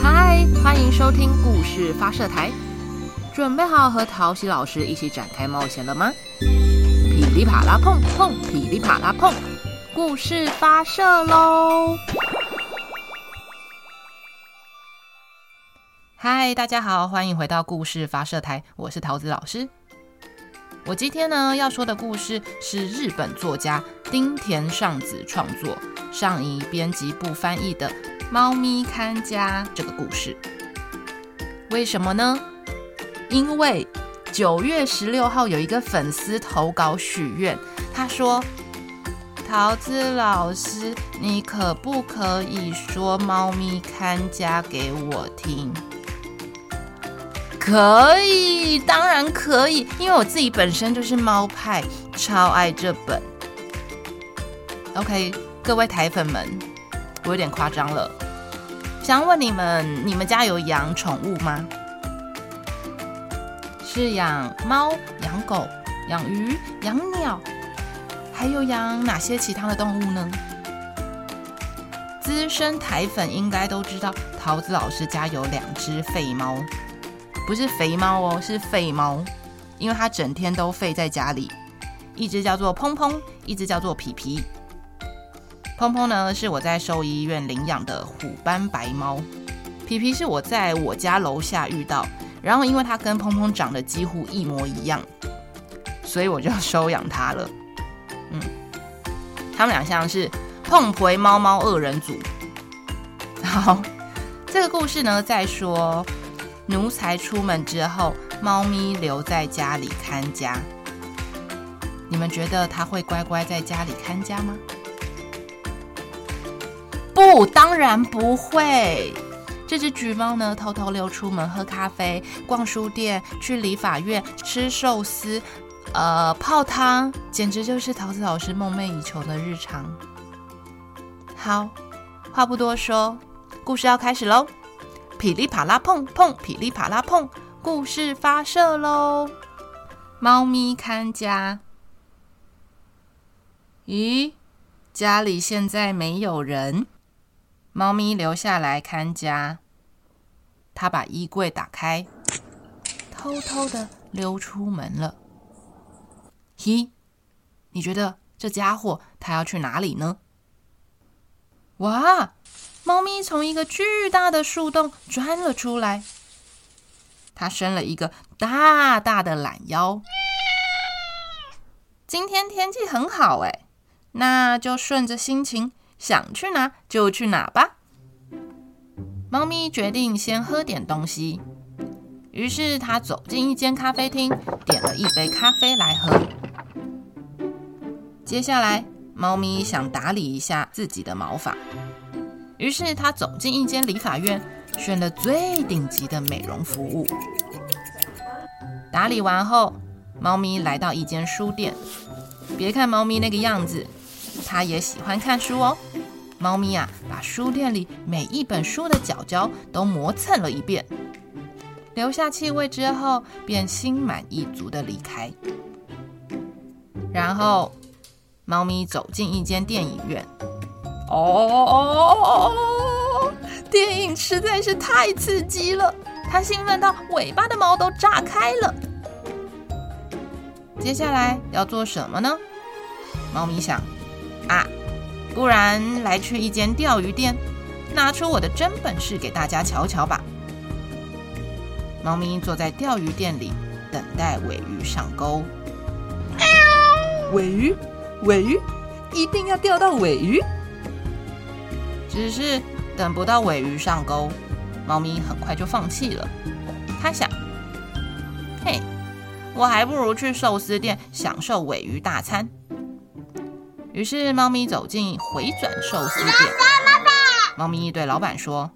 嗨，Hi，歡迎收聽故事發射台，準備好和陶喜老師一起展開冒險了嗎？噼里啪啦碰碰，噼里啪啦碰，故事發射嘍！嗨，大家好，歡迎回到故事發射台，我是桃子老師。我今天呢要說的故事是日本作家町田尚子創作、上誼編輯部翻譯的。貓咪看家這個故事，為什麼呢？因為九月十六號有一個粉絲投稿許願，他說：“桃子老師，你可不可以說貓咪看家給我聽？”可以，當然可以，因為我自己本身就是貓派，超愛這本。OK，各位台粉們。我有點誇張了，想問你們：你們家有養寵物嗎？是養貓、養狗、養魚、養鳥，還有養哪些其他的動物呢？資深台粉應該都知道，桃子老師家有兩隻廢貓，不是肥貓哦，是廢貓，因為它整天都廢在家裡。一隻叫做澎澎，一隻叫做皮皮。澎澎呢，是我在獸醫院領養的虎斑白貓，皮皮是我在我家樓下遇到，然後因為它跟澎澎長得幾乎一模一樣，所以我就收養它了。嗯，他們倆像是澎皮貓貓二人組。好，這個故事呢在說，奴才出門之後，貓咪留在家裡看家。你們覺得它會乖乖在家裡看家嗎？不，當然不會。這只橘貓呢，偷偷溜出門喝咖啡、逛書店、去理髮院、吃壽司、呃，泡湯，簡直就是桃子老師夢寐以求的日常。好，話不多說，故事要開始嘍！噼里啪啦碰碰，噼里啪啦碰，故事發射嘍！貓咪看家。咦，家裡現在沒有人。貓咪留下來看家，它把衣櫃打開，偷偷的溜出門了。嘿，你覺得這家伙他要去哪裡呢？哇！貓咪從一個巨大的樹洞鑽了出來，它伸了一個大大的懶腰。今天天氣很好誒，那就順着心情。想去哪就去哪吧。貓咪決定先喝點東西，於是它走進一間咖啡廳，點了一杯咖啡來喝。接下來，貓咪想打理一下自己的毛髮，於是它走進一間理髮院，選了最頂級的美容服務。打理完後，貓咪來到一間書店。別看貓咪那個樣子，它也喜歡看書哦。貓咪呀、啊，把書店裡每一本書的角角都磨蹭了一遍，留下氣味之後，便心滿意足的離開。然後，貓咪走進一間電影院。哦哦哦！電影實在是太刺激了，它興奮到尾巴的毛都炸開了。接下來要做什麼呢？貓咪想。不然來去一間釣魚店，拿出我的真本事給大家瞧瞧吧。貓咪坐在釣魚店裡，等待鮪魚上鈎。哎喲！鮪魚，鮪魚，一定要釣到鮪魚。只是等不到鮪魚上鈎，貓咪很快就放棄了。它想：嘿，我還不如去壽司店享受鮪魚大餐。於是，貓咪走進回轉壽司店。貓咪對老板說：“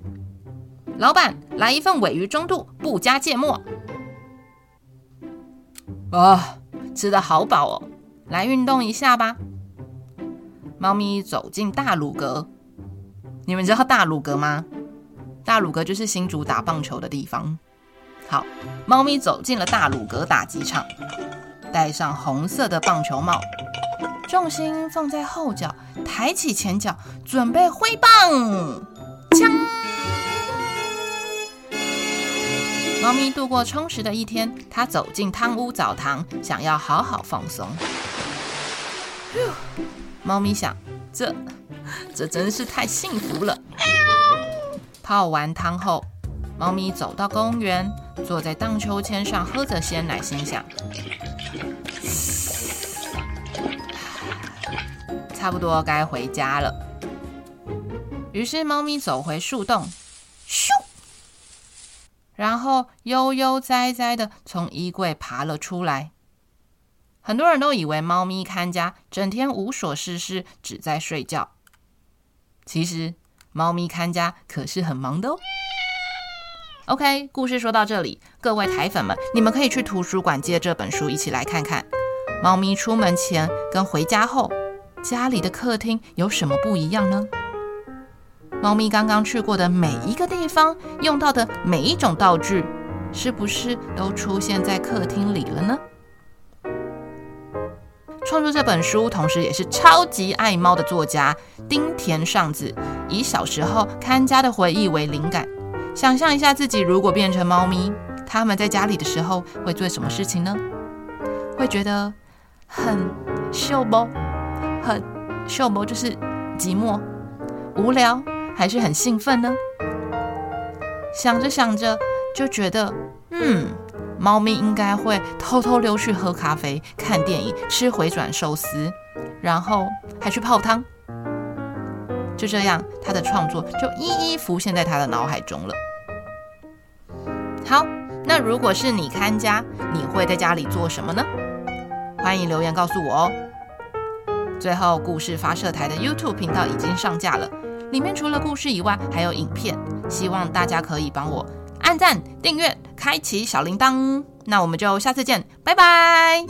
老板，來一份鮪魚中肚，不加芥末。哦”啊，吃得好飽哦，來運動一下吧。貓咪走進大魯閣。你們知道大魯閣嗎？大魯閣就是新竹打棒球的地方。好，貓咪走進了大魯閣打擊場，戴上紅色的棒球帽。重心放在後腳，抬起前腳，準備揮棒。鏘。貓咪度過充實的一天，它走進湯屋澡堂，想要好好放鬆。呦，貓咪想，這這真是太幸福了。泡完湯後，貓咪走到公園，坐在荡秋千上，喝着鮮奶，心想。差不多該回家了。於是，貓咪走回樹洞，咻，然後悠悠哉哉的從衣櫃爬了出來。很多人都以為貓咪看家整天無所事事，只在睡覺。其實，貓咪看家可是很忙的哦。OK，故事說到這裡，各位台粉們，你們可以去圖書館借這本書，一起來看看貓咪出門前跟回家後。家裡的客廳有什麼不一樣呢？貓咪剛剛去過的每一個地方，用到的每一種道具，是不是都出現在客廳裡了呢？創作這本書，同時也是超級愛貓的作家町田尚子，以小時候看家的回憶為靈感，想象一下自己如果變成貓咪，它們在家裡的時候會做什麼事情呢？會覺得很秀不？很秀博，就是寂寞、無聊，還是很興奮呢？想着想着就覺得，嗯，貓咪應該會偷偷溜去喝咖啡、看電影、吃回轉壽司，然後還去泡湯。就這樣，他的創作就一一浮現在他的腦海中了。好，那如果是你看家，你會在家裡做什麼呢？歡迎留言告訴我哦。最後，故事發射台的 YouTube 頻道已經上架了，裡面除了故事以外，還有影片。希望大家可以幫我按讚、訂閱、開啟小鈴鐺。那我們就下次見，拜拜。